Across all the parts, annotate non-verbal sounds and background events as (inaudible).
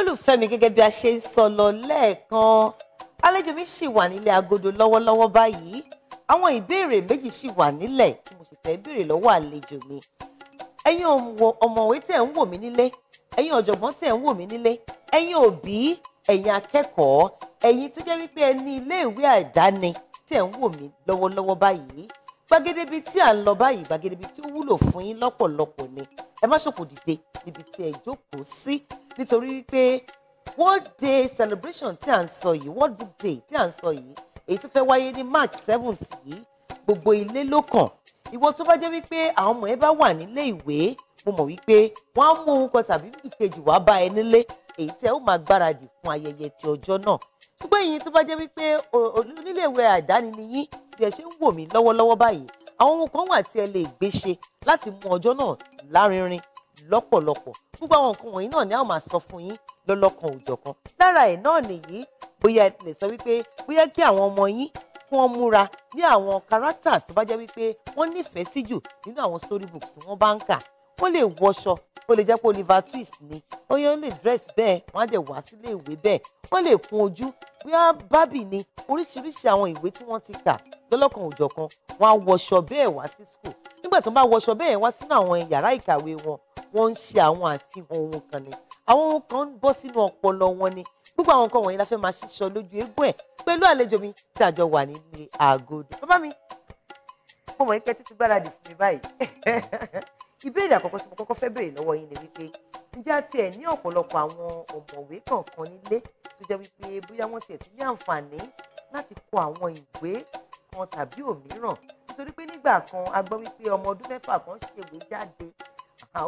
olólùfẹ́ mi gẹ́gẹ́ bí a ṣe ń sọ lọ lẹ́ẹ̀kan àlejò mi ṣì wà nílé agodo lọ́wọ́lọ́wọ́ báyìí àwọn ìbéèrè méjì ṣì wà nílẹ̀ tí mo sì fẹ́ béèrè lọ́wọ́ àlejò mi ẹ̀yin ọ̀mọ̀wé tẹ̀ ń wò mí nílé ẹ̀yin ọ̀jọ̀gbọ́n tẹ̀ ń wò mí nílé ẹ̀yin òbí ẹ̀yin akẹ́kọ̀ọ́ ẹ̀yin tó jẹ́ wípé ẹ ilé ìwé àdáni tẹ̀ ń wò mí lọ́wọ́lọ́wọ́ báyìí gbàgede ibi tí à ń lọ báyìí gbàgede ibi tí ó wúlò fún yín lọ́pọ̀lọpọ̀ ni ẹ má ṣòkò dìde níbi tí ẹ jókòó sí nítorí wípé world day celebration tí à ń sọ yìí world book day tí à ń sọ yìí èyí tó fẹ́ wáyé ní march seventh yìí gbogbo ilé ló kàn ìwọ tó bá jẹ́ wípé àwọn ọmọ ẹ bá wà nílé ìwé mo mọ̀ wípé wọ́n á mú orúkọ tàbí ìkejì wá bá ẹ nílé èyí tí ẹ ó máa gbáradì fún ayẹyẹ ti ọjọ́ náà ṣùgbọ́n èyí tó bá jẹ́ wípé oníléèwé àdáni ni yín bí ẹ ṣe ń wò mí lọ́wọ́lọ́wọ́ báyìí àwọn ohun kan wà tí ẹ lè gbé ṣe láti mú ọjọ́ náà lárinrin lọ́pọ̀lọpọ̀ gbogbo àwọn nǹkan wọ̀nyí náà ni a máa sọ fún yín lọ́lọ́kan òjọ̀kan lára ẹ̀ náà nìyí bóyá ẹ lè sọ wípé bóyá kí àwọn ọmọ yín kí wọ́n múra ní àwọn characters tó bá jẹ́ wípé wọ́n nífẹ̀ẹ́ sí jù nínú àwọn storybooks wọ́n bá ń kà wọ́n lè wọṣọ ó lè jẹ́ pé oliver twist ni ó lè dress bẹ́ẹ̀ wọ́n á dẹ̀ wá sílé ìwé bẹ́ẹ̀ wọ́n lè kun ojú bóyá bábì ni oríṣiríṣi àwọn ìwé tí wọ́n ti kà lọ́lọ́kan òjọ̀kan wọ́n á wọṣọ bẹ́ẹ̀ wá sí school nígbà tí wọ́n bá wọṣọ bẹ́ẹ̀ wá sínú àwọn yàrá ìkàwé wọn wọ́n ń ṣe àwọn àfihàn ohun kan ni àwọn ohun kan ń bọ́ sínú ọpọlọ wọn ni gbogbo àwọn nǹkan wọ̀nyí la fẹ́ máa ṣíṣọ lójú eégún ẹ̀ pẹ̀lú àlejò mi tí àjọ wà nílé àgọ́dọ̀ bàbá mi mo mọ̀ ní kẹ́tí ti gbáradì fún mi báyìí (laughs) ìbéèrè àkọ́kọ́ tí mo kọ́kọ́ fẹ́ béèrè lọ́wọ́ yín ni wípé ǹjẹ́ àti ẹ̀ ní ọ̀pọ̀lọpọ̀ àwọn ọ̀mọ̀wé kọ̀ọ̀kan nílé tó jẹ́ wípé bóyá wọ́n tiẹ̀ ti ní àǹfààní láti kọ àwọn ìwé kan tàbí òmíràn nítorí pé nígbà kan a gbọ́ wípé ọmọ ọdún mẹ́fà kan ṣèwé jáde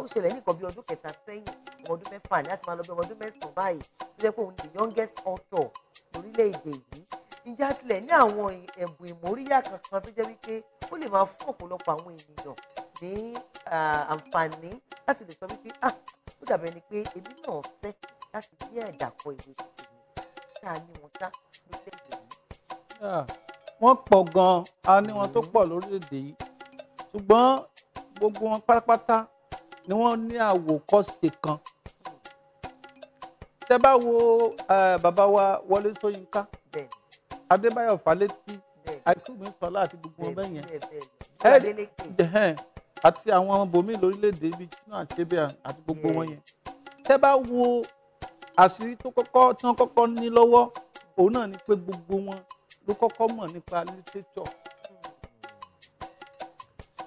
ó ṣẹlẹ̀ ní nǹkan bí ọdún kẹta sẹ́yìn ọmọ ọdún mẹ́fà ní àti máa lọ bí ọmọ ọdún mẹ́sàn-án báyìí tó jẹ́ pé òun the youngest author lórílẹ̀‐èdè yìí ìjà tilẹ̀ ní àwọn ẹ̀bùn ìmóríyá kankan tó jẹ́ wípé ó lè máa fún ọ̀pọ̀lọpọ̀ àwọn ènìyàn ní àǹfààní láti lè sọ wípé ah ó dàbẹ̀ ni pé èmi náà fẹ́ láti bí ẹ̀dà kọ ìwé tuntun ṣáà ní wọn ṣá lórílẹ̀‐èdè yìí. wọ́n pọ̀ gan-an a ní wọn tó mm-hmm. pọ̀ lórílẹ̀‐èdè yìí ṣùgbọ́n gbogbo wọn pátápátá ni wọ́n ní àwòkọ́ṣe kan tẹ́ bá wo bàbá wa Wọlé Ṣóyínká Adébáyọ̀ Fálétí Àìkúmi Ṣọlá àti gbogbo wọn bẹ́ẹ̀ yẹn àti àwọn bòmíì lórílẹ̀‐èdè bíi China àti Abia àti gbogbo hmm. wọn yẹn tẹ́ bá wo àṣírí tó kọ́kọ́ tí wọ́n kọ́kọ́ ní lọ́wọ́ òun náà ni pé gbogbo wọn ló kọ́kọ́ mọ̀ nípa literature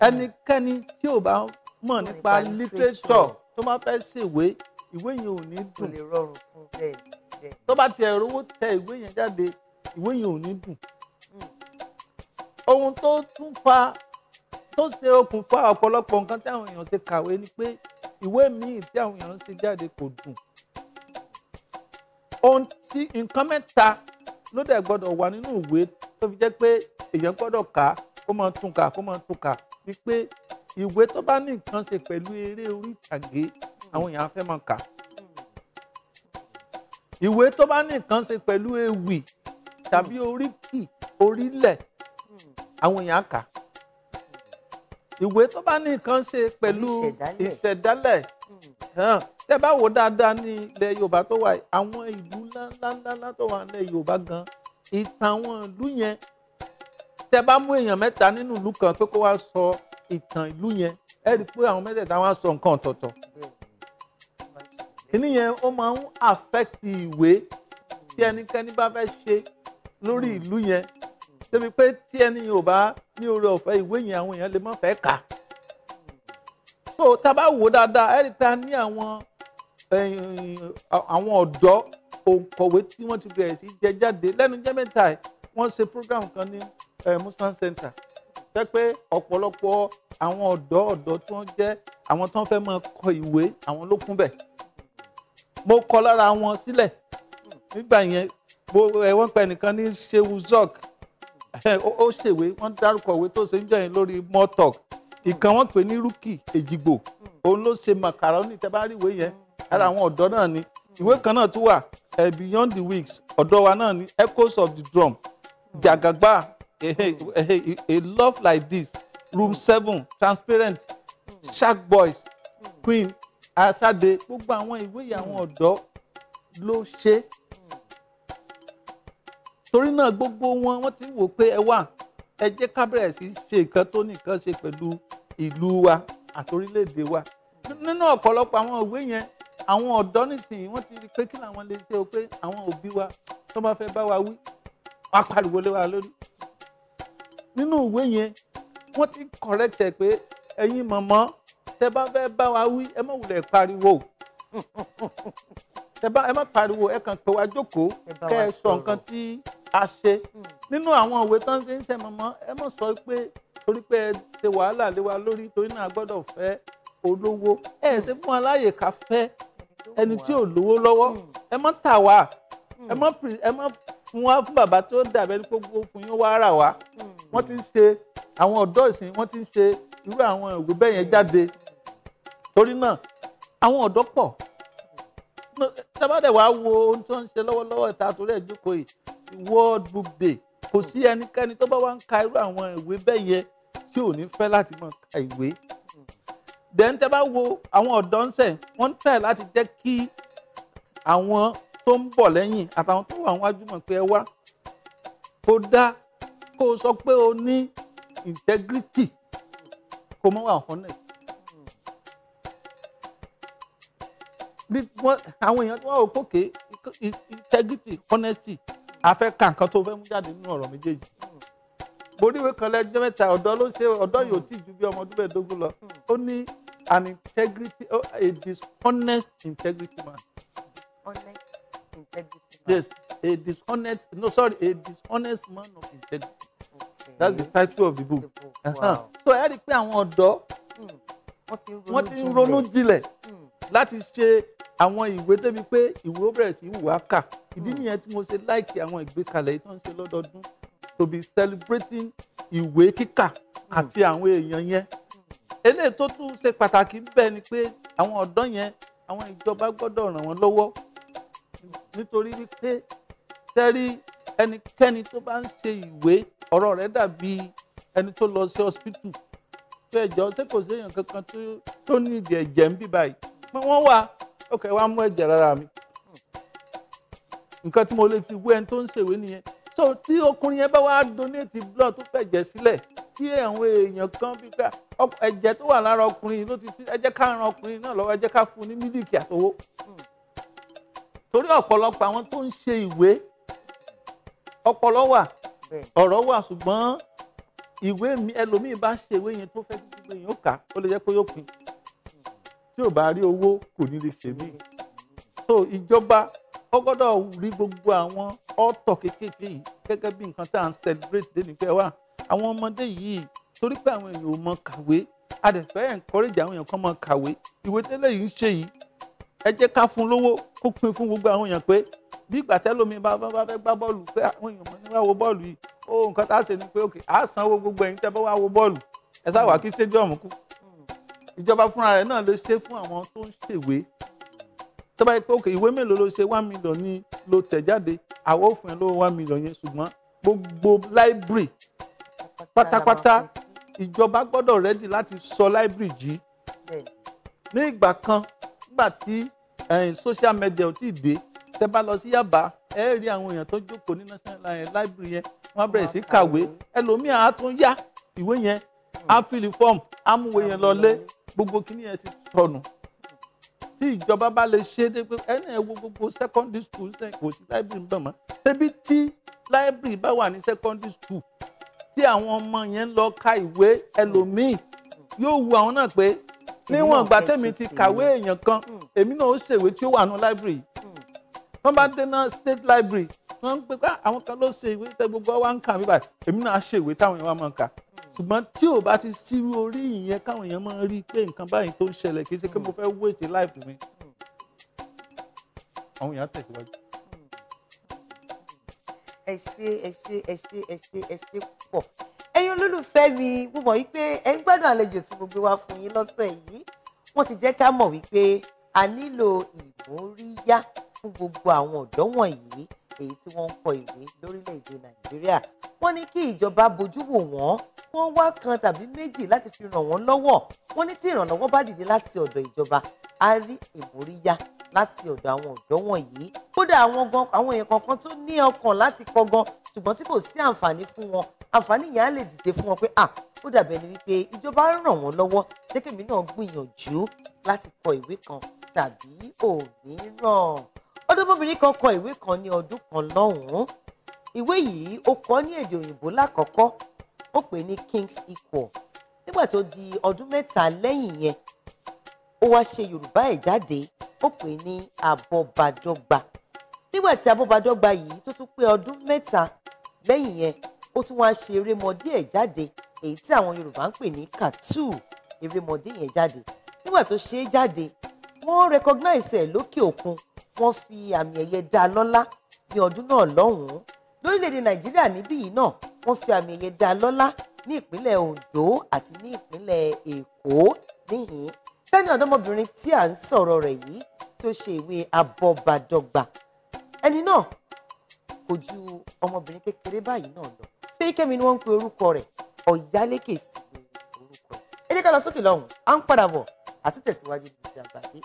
ẹnikẹ́ni tí ò bá mọ̀ nípa literature tó bá fẹ́ ṣèwé ìwé yẹn ò ní dùn tó bá tiẹ̀ rówó tẹ ìwé yẹn jáde ìwé yẹn ò ní dùn hmm. ohun tó tún fa tó ṣe okùnfà ọ̀pọ̀lọpọ̀ nǹkan tí àwọn èèyàn ṣe kàwé ni pé ìwé míì tí àwọn èèyàn ṣe jáde kò dùn ohun tí nǹkan mẹ́ta ló dẹ̀ gbọ́dọ̀ wà nínú ìwé tó fi jẹ́ pé èèyàn gbọ́dọ̀ kà kó máa tún kà kó máa tún kà ni pé ìwé tó bá ní nǹkan ṣe pẹ̀lú eré orí ìtàgé àwọn èèyàn á fẹ́ máa kà ìwé tó bá ní nǹkan ṣe pẹ̀lú ewì tàbí oríkì orílẹ̀ àwọn èèyàn á kà á ìwé tó bá ní nǹkan ṣe pẹ̀lú ìṣẹ̀dálẹ̀ hmm. tẹ́ bá wò dáadáa ní ilẹ̀ Yorùbá tó wà àwọn ìlú ńláńláńlá tó wà nílẹ̀ Yorùbá gan ìtàn àwọn ìlú yẹn tẹ́ bá mú èèyàn mẹ́ta nínú ìlú kan pé kó wá sọ ìtàn ìlú yẹn ẹ rí i pé àwọn mẹ́tẹ̀ẹ̀ta wá sọ nǹkan ọ̀tọ̀ọ̀tọ̀ kìíní yẹn ó máa ń affect ìwé tí ẹnikẹ́ni bá fẹ́ ṣe lórí hmm. ìlú yẹn débi pé tí ẹni yìí ò bá ní oore ọ̀fẹ́ ìwé yẹn àwọn èèyàn lè má fẹ́ kà so tá a bá wò dáadáa ẹ̀rí pé a ní àwọn àwọn ọ̀dọ́ òǹkọ̀wé tí wọ́n ti bẹ̀rẹ̀ sí jẹ jáde lẹ́nu jẹ́ ẹ̀ wọ́n ṣe program kan ní Muslim Center fẹ́ pé ọ̀pọ̀lọpọ̀ àwọn ọ̀dọ́ ọ̀dọ́ tí wọ́n jẹ́ àwọn tó ń fẹ́ máa kọ ìwé àwọn ló kún bẹ̀ mo kọ lára wọn sílẹ̀ nígbà yẹn wọ́n pẹ̀ nìkan ní Shehu Zok ó ṣèwé wọ́n dárúkọ òwe tó ṣe ń jọyìn lórí motok ìkan wọ́n pè ní rúkì èjìgbò òun ló ṣe macaroni tẹ́ bá rí ìwé yẹn ara àwọn ọ̀dọ́ náà ni ìwé kan náà tún wà beyond the weeks ọ̀dọ́ wa náà ni echoes of the drum jàgàgbà eh, eh, eh, a love like this room seven transparent shark boys queen asade gbogbo àwọn ìwé yìí àwọn ọ̀dọ́ ló ṣe torí náà gbogbo wọn wọ́n ti wò pé ẹ wà ẹ jẹ́ ká bẹ̀rẹ̀ sí ṣe nǹkan tó nìkan ṣe pẹ̀lú ìlú wa àti orílẹ̀-èdè wa nínú ọ̀pọ̀lọpọ̀ àwọn òwe yẹn àwọn ọ̀dọ́ nísìnyí wọ́n ti rí pé kí làwọn lè ṣe o pé àwọn òbí wa tó bá fẹ́ bá wa wí wọ́n á pariwo lé wa lórí nínú òwe yẹn wọ́n ti correct ẹ̀ pé ẹ̀yin mọ̀mọ́ tẹ bá fẹ́ bá wa wí ẹ má wulẹ̀ pariwo (laughs) tẹ bá ẹ má pariwo ẹ kàn pé wa jókòó kẹ́ ẹ sọ nǹkan tí àṣe hmm. nínú àwọn òwe tó ń fi ń ṣe mọ́mọ́ ẹ mọ̀ sọ pé torí pé ẹ ṣe wàhálà lé wa lórí torí náà gbọ́dọ̀ fẹ́ olówó ẹ ṣe fún wa láàyè ká fẹ́ ẹni tí ò lówó lọ́wọ́ hmm. ẹ mọ̀ tà wá ẹ mọ̀ hmm. ẹ mọ̀ fún wa fún bàbá tó dàbẹ́ ní gbogbo fún yín wá rà wá wọ́n ti ń ṣe àwọn ọ̀dọ́ ìsìn wọ́n ti ń ṣe irú àwọn ìwé bẹ́ẹ̀ yẹn jáde torí náà àwọn ọ̀dọ́ pọ̀ tábàdẹ̀ wàá wo ohun tó ń ṣe lọ́wọ́lọ́wọ́ ìta torí ẹ̀ jókòó yìí World Book Day kò sí ẹnikẹ́ni tó bá wá ń ka irú àwọn ìwé bẹ́ẹ̀ yẹn tí ò ní fẹ́ láti máa ka ìwé then tẹ́ bá wo àwọn ọ̀dọ́ ń sẹ̀ wọ́n ń tẹ̀ láti jẹ́ kí àwọn tó ń bọ̀ lẹ́yìn àtàwọn tó wà wájú mọ̀ pé ẹ wá kó dá kó sọ pé o ní integrity kó mọ́ wà honest. àwọn èèyàn tó wà ó kókè integrity honesty a fẹ́ tó fẹ́ mú jáde nínú ọ̀rọ̀ méjèèjì mo níwèé kan lẹ́jọ́ mẹ́ta ọ̀dọ́ ló ṣe ọ̀dọ́ yóò tí ju bí ọmọ ọdún mẹ́ẹ̀ẹ́dógún lọ ó ní an integrity a dishonest integrity man. yes a dishonest no sorry a dishonest man of integrity. okay that's the title of the book. The book. Wow. Uh -huh. so ẹ rí i pé àwọn ọ̀dọ́ hmm. wọ́n ti ń ronú jinlẹ̀ hmm. láti ṣe àwọn ìwé débi pé ìwé ó bẹ̀rẹ̀ sí wùwá kà ìdí hmm. nìyẹn tí mo ṣe láìkí àwọn ìgbékalẹ̀ yìí tó ń ṣe lọ́dọọdún to be celebrating ìwé kíkà hmm. àti àwọn èèyàn yẹn eléyìí tó tún ṣe pàtàkì bẹ́ẹ̀ ni pé àwọn ọ̀dọ́ yẹn àwọn ìjọba gbọ́dọ̀ ràn wọ́n lọ́wọ́ nítorí wípé sẹ́rí ẹnikẹ́ni tó bá ń ṣe ìwé ọ̀rọ̀ rẹ̀ dàbí ẹni tó lọ sí hospital tó ẹ̀jọ́ ṣé kò séèyàn kankan tó ní ìdí ẹ̀jẹ̀ ń bì wọ́n wà ok wá mú ẹ̀jẹ̀ rárá mi nǹkan tí mo lè fi wé ẹni tó ń ṣèwé nìyẹn so tí ọkùnrin yẹn bá wá donate blood tó fẹ̀jẹ̀ sílẹ̀ tí àwọn èèyàn kan bí ká ẹ̀jẹ̀ tó wà lára ọkùnrin yìí ló ti fi ẹ jẹ́ ká ran ọkùnrin náà lọ́wọ́ ẹ jẹ́ ká fún un ní mílíìkì àtowó torí ọ̀pọ̀lọpọ̀ àwọn tó ń ṣe ìwé ọpọlọ wà ọ̀rọ̀ wà ṣùgbọ́n ìwé mi ẹlòmíì bá ṣe ìwé yẹn tó fẹ́ kí gbogbo èèyàn ó kà á ó lè jẹ́ pé yóò pin tí ò bá rí owó kò ní lè ṣe mí so ìjọba ó gbọ́dọ̀ rí gbogbo àwọn ọ̀tọ̀ kéékèèké yìí gẹ́gẹ́ bí nǹkan tá à ń celebrate dé nífẹ̀ẹ́ wa àwọn ọmọdé yìí torí pé àwọn èèyàn ò mọ kàwé a encourage àwọn èèyàn kan mọ kàwé ìwé tẹ́lẹ̀ yìí ń ṣe yìí ẹ jẹ́ ká fún lówó kó pín fún gbogbo àwọn èèyàn pé bí ìgbà tẹ́lómi bá bá fẹ́ gbá bọ́ọ̀lù pé àwọn èèyàn mọ̀ níwá wo bọ́ọ̀lù yìí ó nǹkan tá a ṣe ni pé òkè à á gbogbo ẹ̀yin tẹ́ bá wá wo bọ́ọ̀lù ẹ sáwà kí stadium kú ìjọba fúnra rẹ̀ náà ló ṣe fún àwọn tó ń ṣèwé tó bá yẹ pé òkè ìwé mélòó ló ṣe one million ni ló tẹ̀ jáde àwọn òfin ló one million yẹn ṣùgbọ́n gbogbo library pátápátá ìjọba gbọ́dọ̀ rẹ́dì láti sọ library jí ní ìgbà kan nígbà tí social media ò tí ì dé tẹ́ bá lọ sí Yaba ẹ rí àwọn èèyàn tó jókòó ní national library yẹn wọ́n bẹ̀rẹ̀ sí kàwé ẹlòmíà á tún yá ìwé yẹn á fìlì fọ́ọ̀mù á mú wo yẹn lọlé gbogbo kíní yẹn ti tọ̀nù tí ìjọba bá lè ṣe é pé ẹnì ẹ wo gbogbo secondary school ṣe kò sí library níbẹ̀ mọ́ ṣebí tí library bá wà ní secondary school tí àwọn ọmọ yẹn ń lọ ka ìwé ẹlòmíì yóò wu àwọn náà pé níwọ̀n ìgbà tèmi ti kàwé èèyàn kan hmm. èmi náà ó ṣèwé tí ó wà ní library wọ́n bá dé state library wọ́n ń pè pé ah, àwọn kan ló ṣe ìwé tẹ gbogbo wa ń kà mí báyìí èmi náà á ṣèwé táwọn yẹn wá máa ń kà ṣùgbọ́n tí ò bá ti sírú orí ìyẹn káwọn èèyàn máa rí i pé nǹkan báyìí tó ń ṣẹlẹ̀ kì í ṣe pé mo hmm. fẹ́ waste life mi àwọn èèyàn tẹ̀síwájú. ẹ ṣe ẹ ṣe ẹ ṣe ẹ ṣe ẹ ṣe pọ̀ ẹ̀yin olólùfẹ́ mi mo mọ̀ wípé ẹ ń gbádùn àlejò tí mo gbé wá fún yín lọ́sẹ̀ yìí wọ́n ti jẹ́ ká mọ̀ wípé a nílò ìmóríyá fún gbogbo àwọn ọ̀dọ́ wọ̀nyí èyí tí wọ́n ń kọ ìwé lórílẹ̀‐èdè nàìjíríà wọ́n ní kí ìjọba bójú wò wọ́n wọ́n wá kan tàbí méjì láti fi ràn wọ́n lọ́wọ́ wọ́n ní tí ìrànlọ́wọ́ bá dìde láti ọ̀dọ̀ ìjọba á rí ìmóríyá láti ọ̀dọ̀ àwọn ọ̀dọ́ wọ̀nyí kódà àwọn gan àwọn èèyàn kankan tó ní ọkàn láti kọ gan ṣùgbọ́n tí kò sí àǹfààní fún wọn àǹfààní yẹn á lè dìde fún wọn pé à ó dàbẹ̀ ni wípé ìjọba ń ràn wọ́n lọ́wọ́ jẹ́kẹ̀mí náà gbìyànjú láti kọ ìwé kan tàbí òmíràn ọ̀dọ́mọbìnrin kan kọ ìwé kan ní ọdún kan lọ́hùn-ún ìwé yìí ó kọ ní èdè òyìnbó lákọ̀ọ́kọ́ ó pè ní King's Equal nígbà tó di ọdún mẹ́ta lẹ́yìn yẹn ó wá ṣe Yorùbá ẹ̀ jáde ó pè ní Abọ́badọ́gba nígbà tí Abọ́badọ́gba yìí tó tún pé ọdún mẹ́ta lẹ́yìn yẹn ó tún wá ṣe erémọdé ẹ̀ jáde èyí tí àwọn Yorùbá ń pè ní kàtúù erémọdé yẹn jáde nígbà tó ṣe é jáde wọ́n recognize ẹ̀ lókè òkun wọ́n fi àmì ẹ̀yẹ dá a lọ́lá ní ọdún náà lọ́hùn-ún lórílẹ̀‐èdè nàìjíríà níbí yìí náà wọ́n fi àmì ẹ̀yẹ dá lọ́lá ní ìpínlẹ̀ ondo àti ní ìpínlẹ̀ èkó níhìn sẹ́ni ọ̀dọ́mọbìnrin tí à ń sọ̀rọ̀ rẹ̀ yìí tó ṣe ìwé abọ́badọ́gba ẹni náà kò ju ọmọbìnrin kékeré báyìí náà lọ fẹ́yìkẹ́mi ni wọ́n ń pe orúkọ rẹ̀ ọ̀yálékè sí orúkọ ẹ jẹ́ ká lọ sókè lọ́hùn-ún à ń padà bọ̀ àti tẹ̀síwájú ìdíje àgbáyé.